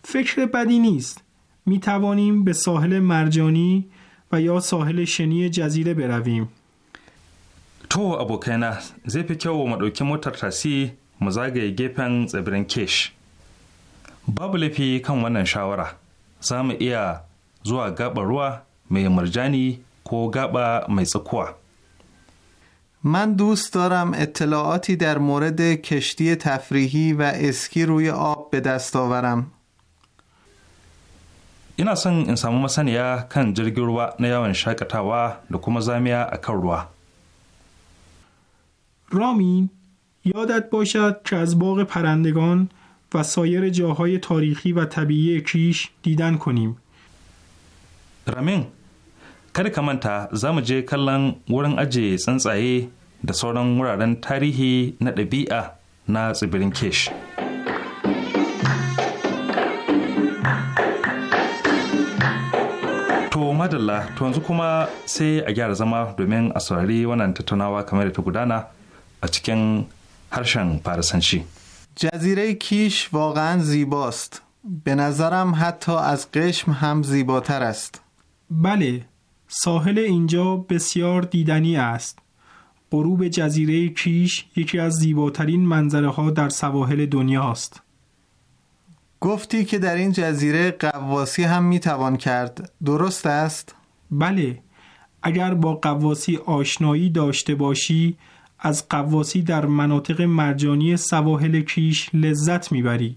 فکر بدی نیست می توانیم به ساحل مرجانی و یا ساحل شنی جزیره برویم تو ابو زی فی که و موتر motar تاسی mu زبرن گیپن tsibirin kesh babu ونن شاورا wannan ایا zuwa gaba ruwa mai مرجانی کو mai tsakuwa. من دوست دارم اطلاعاتی در مورد کشتی تفریحی و اسکی روی آب به دست آورم. ina son in samu masaniya kan jirgin ruwa na yawon shakatawa da kuma zamiya a kan رامین یادت باشد که از باغ پرندگان و سایر جاهای تاریخی و طبیعی کیش دیدن کنیم. ramin kada ka manta za mu je kallon wurin ajiye tsuntsaye da sauran wuraren tarihi na ɗabi'a na tsibirin kesh. To madalla to yanzu kuma sai a gyara zama domin a saurari wannan tattaunawa kamar da ta gudana a cikin harshen farisanci. Jazirai kish واقعا زیباست. به نظرم حتی از قشم هم زیباتر است. بله ساحل اینجا بسیار دیدنی است غروب جزیره کیش یکی از زیباترین منظره ها در سواحل است گفتی که در این جزیره قواسی هم میتوان کرد درست است؟ بله اگر با قواسی آشنایی داشته باشی از قواسی در مناطق مرجانی سواحل کیش لذت میبری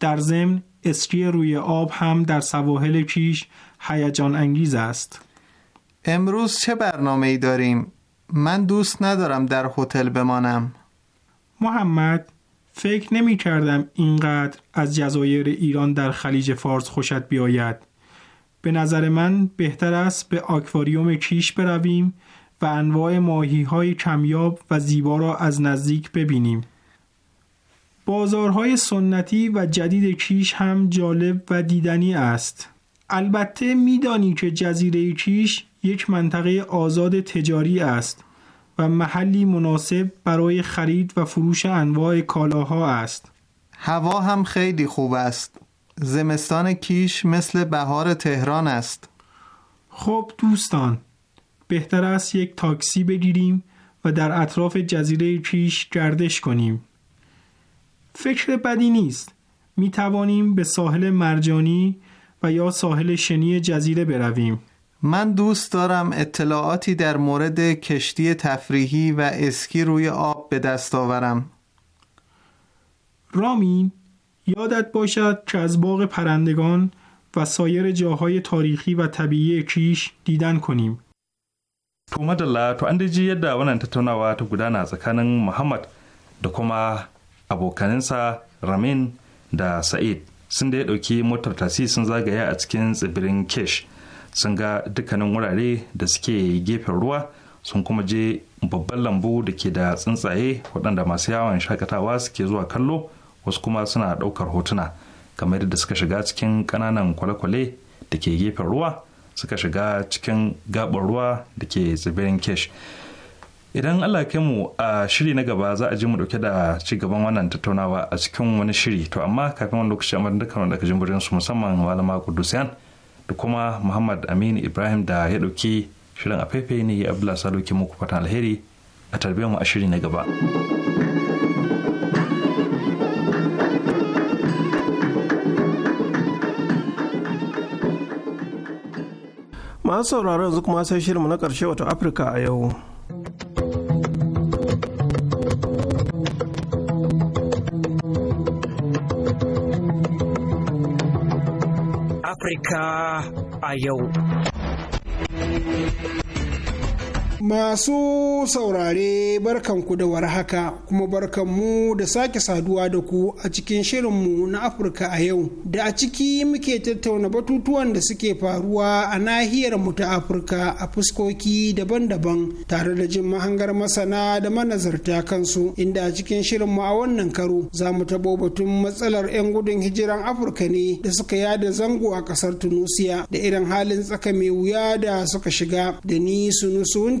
در ضمن اسکی روی آب هم در سواحل کیش هیجان انگیز است امروز چه برنامه ای داریم؟ من دوست ندارم در هتل بمانم محمد فکر نمی کردم اینقدر از جزایر ایران در خلیج فارس خوشت بیاید به نظر من بهتر است به آکواریوم کیش برویم و انواع ماهی های کمیاب و زیبا را از نزدیک ببینیم بازارهای سنتی و جدید کیش هم جالب و دیدنی است البته میدانی که جزیره کیش یک منطقه آزاد تجاری است و محلی مناسب برای خرید و فروش انواع کالاها است. هوا هم خیلی خوب است. زمستان کیش مثل بهار تهران است. خب دوستان، بهتر است یک تاکسی بگیریم و در اطراف جزیره کیش گردش کنیم. فکر بدی نیست. می توانیم به ساحل مرجانی و یا ساحل شنی جزیره برویم من دوست دارم اطلاعاتی در مورد کشتی تفریحی و اسکی روی آب به دست آورم رامین یادت باشد که از باغ پرندگان و سایر جاهای تاریخی و طبیعی کیش دیدن کنیم تو تو ونن تو محمد sun da ya ɗauki motar tasi sun zagaya a cikin tsibirin kesh sun ga dukkanin wurare da suke gefen ruwa sun kuma je babban lambu da ke da tsuntsaye waɗanda masu yawon shakatawa suke zuwa kallo wasu kuma suna ɗaukar hotuna kamar yadda suka shiga cikin ƙananan kwale-kwale da ke gefen ruwa suka shiga cikin gaɓar ruwa da ke tsibirin kesh idan allah kai mu a shiri na gaba za a ji mu dauke da ci gaban wannan tattaunawa a cikin wani shiri to amma kafin wani lokaci amma dukkan wanda ka jimburin su musamman malama kudusiyan da kuma muhammad aminu ibrahim da ya dauki shirin a faifai ne abdullahi salo ke muku fatan alheri a tarbiyyar mu a shiri na gaba. masu sauraron yanzu kuma sai mu na karshe wato afirka a yau Afirka a yau. Masu saurare barkanku da warhaka kuma barkanmu da sake saduwa da ku a cikin shirinmu na Afirka a yau da a ciki muke tattauna batutuwan da suke faruwa a nahiyar mu ta Afirka a fuskoki daban-daban tare da jin mahangar masana da manazarta kansu inda a cikin shirinmu a wannan karo za mu tabo batun matsalar 'yan gudun hijiran Afirka ne da suka yada zango a kasar Tunusiya da irin halin tsaka mai wuya da suka shiga da ni sunusun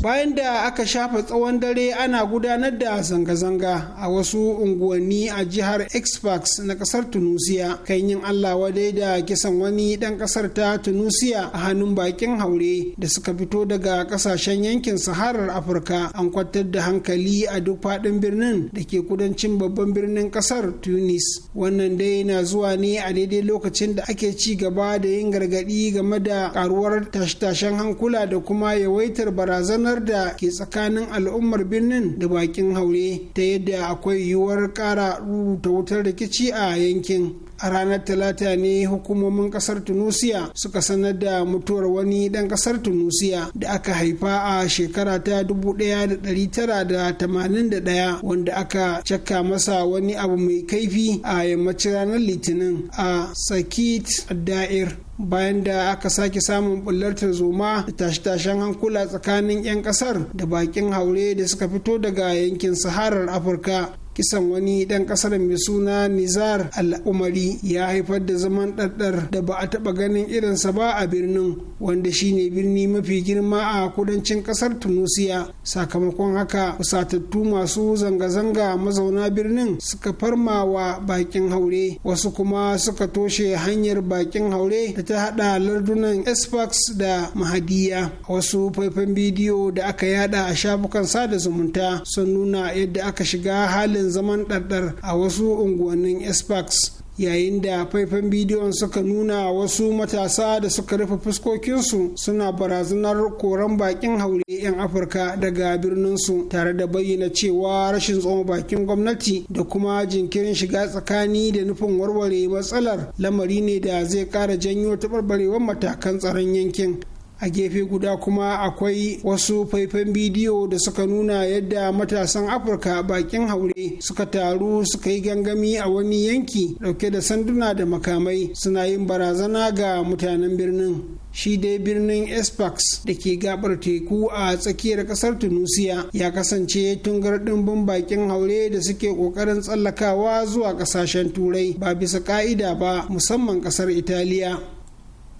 bayan da aka shafa tsawon dare ana gudanar da zanga-zanga a wasu unguwanni a jihar xfax na kasar tunisia kan yin allah wadai da kisan wani dan kasar ta tunisia a hannun bakin haure da suka fito daga kasashen yankin saharar afirka an kwatar da hankali a duk faɗin birnin da ke kudancin babban birnin kasar tunis wannan dai na zuwa ne a daidai lokacin da ake ci gaba da yin gargaɗi game da karuwar tashe-tashen hankula da kuma yawaitar barazanar sanar da ke tsakanin al'ummar birnin da bakin haure ta yadda akwai yiwuwar ƙara rubuta wutar rikici a yankin a ranar talata ne hukumomin kasar tunusiya suka sanar da mutuwar wani dan kasar tunisia da aka haifa a shekara ta 1981 wanda aka cakka masa wani abu mai kaifi a yammacin ranar litinin a sakit da'ir bayan da aka sake samun bullar tarzoma da tashe-tashen hankula tsakanin 'yan kasar da bakin haure da suka fito daga yankin saharar afirka kisan wani ɗan ƙasar mai suna nizar al'umari ya haifar da zaman ɗaɗɗar da ba a taɓa ganin irinsa ba a birnin wanda shine birni mafi girma a kudancin ƙasar tunusiya sakamakon haka fusatattu masu zanga-zanga mazauna birnin suka farma wa bakin haure wasu kuma suka toshe hanyar bakin haure da ta haɗa lardunan esfax da mahadiya wasu faifan bidiyo da aka yada a shafukan sada zumunta sun nuna yadda aka shiga halin halin zaman ɗarɗar a wasu unguwannin Espax. yayin da faifan bidiyon suka nuna wasu matasa da suka rufe fuskokinsu suna barazanar koran bakin haure 'yan afirka daga birninsu tare da bayyana cewa rashin tsoma bakin gwamnati da kuma jinkirin shiga tsakani da nufin warware matsalar lamari ne da zai kara janyo taɓarɓarewar matakan tsaron yankin a gefe guda kuma akwai wasu faifan bidiyo da suka nuna yadda matasan afirka bakin haure suka taru suka yi gangami a wani yanki dauke da sanduna da makamai suna yin barazana ga mutanen birnin shi dai birnin espax da ke gabar teku a tsakiyar kasar tunisia ya kasance tun gardin bakin haure da suke kokarin tsallakawa zuwa kasashen turai ba bisa ka'ida ba musamman kasar italiya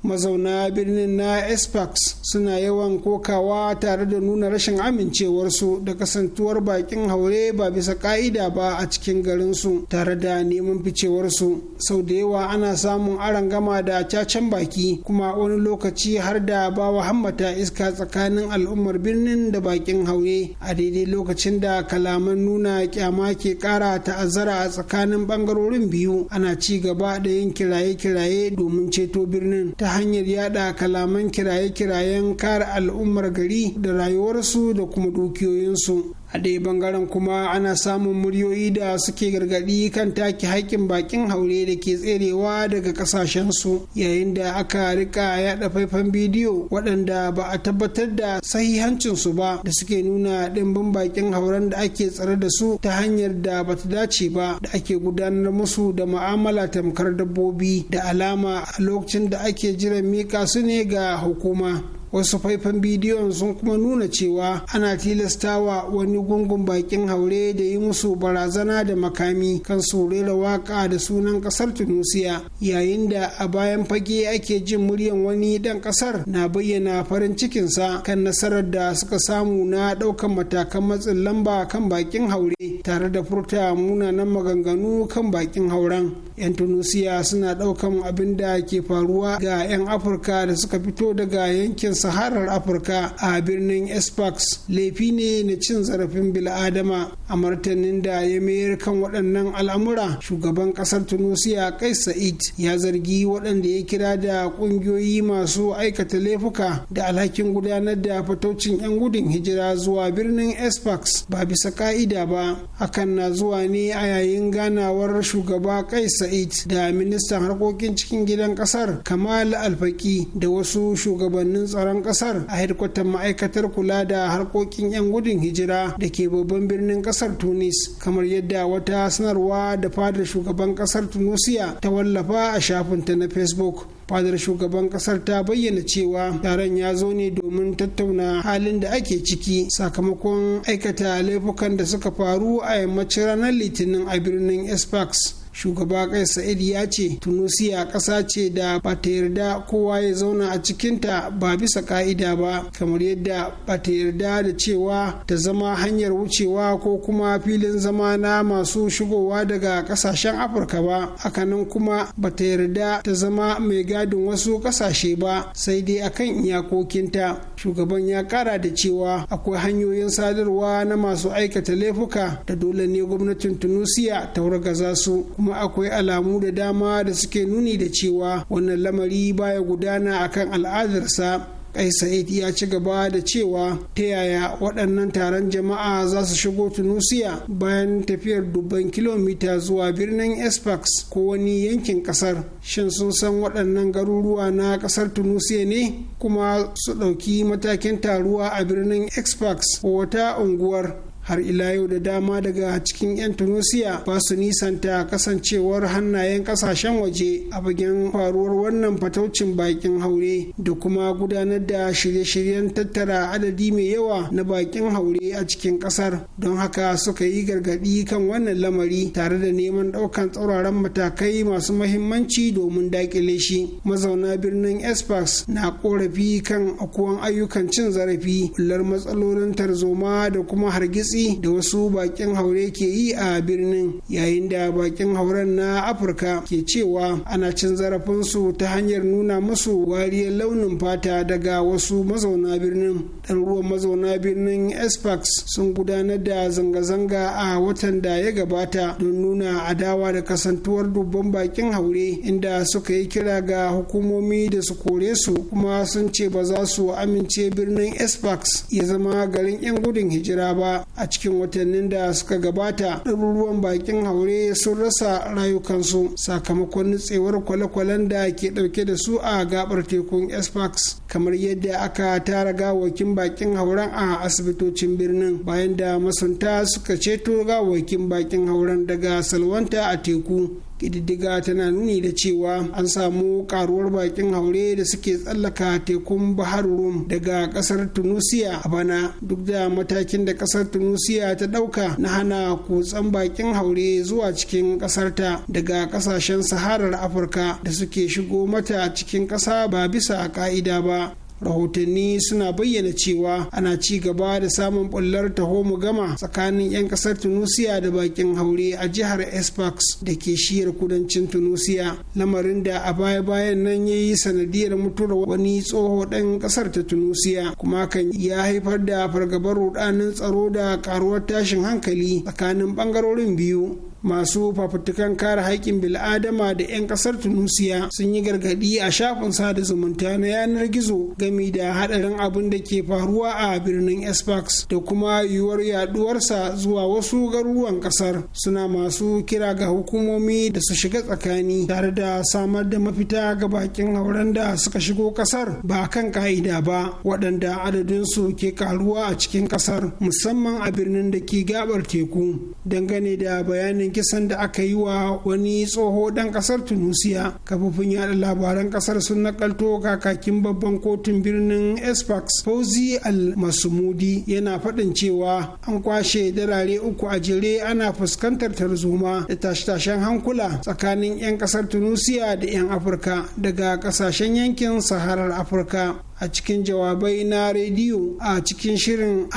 mazauna birnin na espax suna yawan kokawa tare da nuna rashin amincewarsu da kasantuwar bakin haure ba bisa ka'ida ba a cikin garinsu tare da neman ficewarsu sau da yawa ana samun arangama da cacen baki kuma wani lokaci har da bawa hammata iska tsakanin al'ummar birnin da bakin haure a daidai lokacin da kalaman nuna kyama ke kara ta'azzara a tsakanin bangarorin biyu ana ci gaba da yin kiraye-kiraye domin ceto birnin hanyar yada kalaman kiraye-kirayen kare al'ummar gari da rayuwarsu da kuma dukiyoyinsu a ɗaya bangaren kuma ana samun muryoyi da suke gargaɗi kan take haƙƙin bakin haure da ke tserewa daga ƙasashensu yayin da aka rika yaɗa faifan bidiyo waɗanda ba a tabbatar da sahihancinsu ba da suke nuna ɗimbin bakin hauren da ake tsare da su ta hanyar da ba ta dace ba da ake gudanar musu da ma'amala tamkar dabbobi da alama a lokacin da ake jiran mika su ne ga hukuma wasu faifan bidiyon sun kuma nuna cewa ana tilastawa wani gungun bakin haure da yi musu barazana da makami kan su rera waka da sunan kasar tunusiya yayin da a bayan fage ake jin muryan wani dan kasar na bayyana farin cikinsa kan nasarar da suka samu na daukan matakan matsin lamba kan bakin haure tare da furta munanan maganganu kan bakin hauren 'yan tunusiya suna daukan abin da ke faruwa ga 'yan afirka da suka fito daga yankin saharar afirka a birnin espax laifi ne na cin zarafin bil'adama a martanin da ya mayar kan waɗannan al'amura shugaban ƙasar tunisia kai sa'id ya zargi waɗanda ya kira da ƙungiyoyi masu aikata laifuka da alhakin gudanar da fatocin 'yan gudun hijira zuwa birnin espax ba bisa ka'ida ba hakan na zuwa ne a yayin ganawar shugaba kai sa'id da ministan harkokin cikin gidan ƙasar kamal alfaki da wasu shugabannin tsaron tsaron kasar a hedkwatar ma'aikatar kula da harkokin 'yan gudun hijira da ke babban birnin kasar tunis kamar yadda wata sanarwa da fadar shugaban kasar tunisia ta wallafa a shafinta na facebook fadar shugaban kasar ta bayyana cewa taron ya zo ne domin tattauna halin da ake ciki sakamakon aikata laifukan da suka faru a yammacin ranar litinin a birnin espax shugaba kai sa'id ya ce tunusiya ƙasa ce da ba ta yarda kowa ya zauna a cikinta ba bisa ka'ida ba kamar yadda ba ta yarda da cewa ta zama hanyar wucewa ko kuma filin zama na masu shigowa daga ƙasashen afirka ba hakanan kuma ba ta yarda ta zama mai gadin wasu ƙasashe ba sai dai akan iyakokinta shugaban ya ƙara da cewa akwai hanyoyin sadarwa na masu aikata laifuka da dole ne gwamnatin tunusiya ta wargaza su kuma kuma akwai alamu da dama da suke nuni da cewa wannan lamari baya gudana akan al'adarsa kai sa'id ya ci gaba da cewa ta yaya waɗannan taron jama'a za su shigo tunusiya bayan tafiyar dubban kilomita zuwa birnin esfax ko wani yankin ƙasar shin sun san waɗannan garuruwa na ƙasar tunusiya ne kuma su ɗauki matakin taruwa a birnin esfax ko wata unguwar har ila yau da dama daga cikin 'yan tunisia ba su nisanta kasancewar hannayen kasashen waje a bagen faruwar wannan fataucin bakin haure da kuma gudanar da shirye-shiryen tattara adadi mai yawa na bakin haure a cikin kasar don haka suka yi gargadi kan wannan lamari tare da neman ɗaukan tsauraran matakai masu mahimmanci domin dakile shi mazauna birnin espax na ƙorafi kan akuwan ayyukan cin zarafi kullar matsalolin tarzoma da kuma hargitsi karfi da wasu bakin haure ke yi a birnin yayin da bakin hauren na afirka ke cewa ana cin zarafinsu ta hanyar nuna musu wariyar launin fata daga wasu mazauna birnin ɗaruruwan mazauna birnin espax sun gudanar da zanga-zanga a watan da ya gabata don nuna adawa da kasantuwar dubban bakin haure inda suka yi kira ga hukumomi da su kore su kuma sun ce ba za su amince birnin espax ya zama garin 'yan gudun hijira ba a cikin watannin da suka gabata ɗaruruwan bakin haure sun rasa rayukansu sakamakon nutsewar kwale-kwalen da ke ɗauke da su a gabar tekun esfax kamar yadda aka tara gawakin bakin hauren a asibitocin birnin bayan da masunta suka ceto gawakin bakin hauren daga salwanta a teku ƙididdiga tana nuni da cewa an samu karuwar bakin haure da suke tsallaka tekun bahar rum daga kasar tunisia a bana duk da matakin da kasar tunisia ta ɗauka na hana kutsan bakin haure zuwa cikin ƙasarta daga kasashen saharar afirka da suke shigo mata cikin ƙasa ba bisa ka'ida ba rahotanni suna bayyana cewa ana ci gaba da samun bullar taho mu gama tsakanin 'yan kasar tunusiya da bakin haure a jihar esfax da ke shiyar kudancin tunusiya lamarin da a baya bayan nan ya yi sanadiyar mutuwar wani tsoho ɗan kasar ta tunusiya kuma kan ya haifar da fargabar rudanin tsaro da karuwar tashin hankali tsakanin ɓangarorin biyu masu fafutukan kare haƙƙin bil'adama da 'yan ƙasar tunisia sun yi gargaɗi a shafin sada zumunta na yanar gizo gami da haɗarin abin da ke faruwa a birnin espax da kuma yiwuwar yaɗuwarsa zuwa wasu garuruwan ƙasar suna masu kira ga hukumomi da su shiga tsakani tare da samar da mafita ga bakin hauren da suka shigo ƙasar ba kan ka'ida ba waɗanda adadinsu ke karuwa a cikin ƙasar musamman a birnin da ke gabar teku dangane da bayanin kisan da aka yi wa wani tsoho dan kasar tunisia kafofin yada labaran kasar sun nakalto kakakin babban kotun birnin espax fauzi al-masumudi yana faɗin cewa an kwashe darare uku a jere ana fuskantar tarzoma da tashe-tashen hankula tsakanin 'yan kasar tunisia da 'yan afirka daga kasashen yankin saharar afirka a cikin jawabai na rediyo a cikin shirin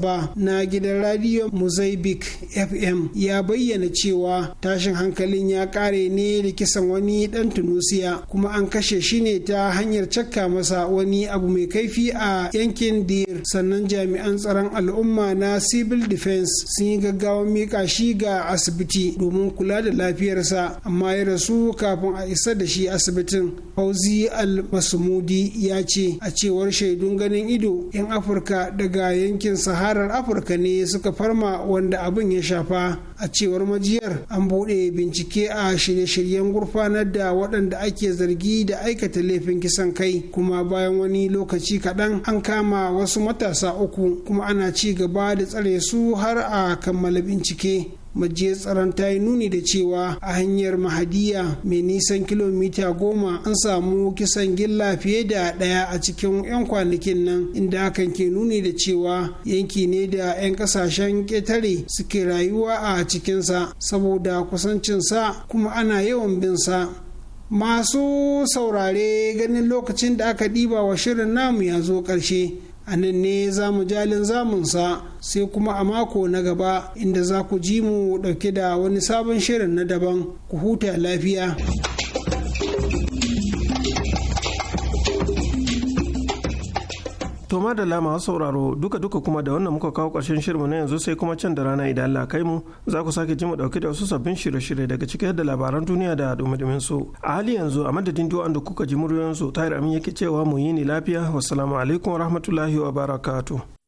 ba na gidan radiyo Mozambique FM ya bayyana cewa tashin hankalin ya kare ne da kisan wani dan Tunusiya kuma an kashe shi ne ta hanyar cakka masa wani abu mai kaifi a yankin Dir sannan jami'an tsaron al'umma na Civil Defense sun yi gaggawa mika shi ga asibiti domin kula da lafiyarsa amma ya rasu kafin a isa da shi asibitin Fauzi Al-Masmudi ya ce a cewar shaidun ganin ido 'yan afirka daga yankin saharar afirka ne suka farma wanda abin ya shafa a cewar majiyar an buɗe bincike a shirye-shiryen gurfanar da waɗanda ake zargi da aikata laifin kisan kai kuma bayan wani lokaci kaɗan an kama wasu matasa uku kuma ana ci gaba da tsare su har a kammala bincike majiyar tsaron ta yi nuni da cewa a hanyar mahadiya mai nisan kilomita goma an samu kisan gilla fiye da ɗaya a cikin 'yan kwanakin nan inda hakan ke nuni da cewa yanki ne da 'yan kasashen ƙetare suke rayuwa a cikinsa saboda kusancinsa kuma ana yawan bin sa masu saurare ganin lokacin da aka ɗibawa wa shirin namu ya zo ƙarshe a nan ne za mu jalin zamunsa sai kuma a mako na gaba inda za ku ji mu dauke da wani sabon shirin na daban ku huta lafiya. To da masu sauraro duka-duka kuma da wannan muka kawo ƙarshen shirinmu na yanzu sai kuma can da rana idan Allah kai mu za ku sake ji mu dauke da wasu sabbin shirye-shirye daga cikin da labaran duniya da dumudumin su. A hali yanzu a madadin du'an da kuka ji muryoyin su Tahir Amin yake cewa mu yi ni lafiya wassalamu alaikum wa rahmatullahi wa barakatu.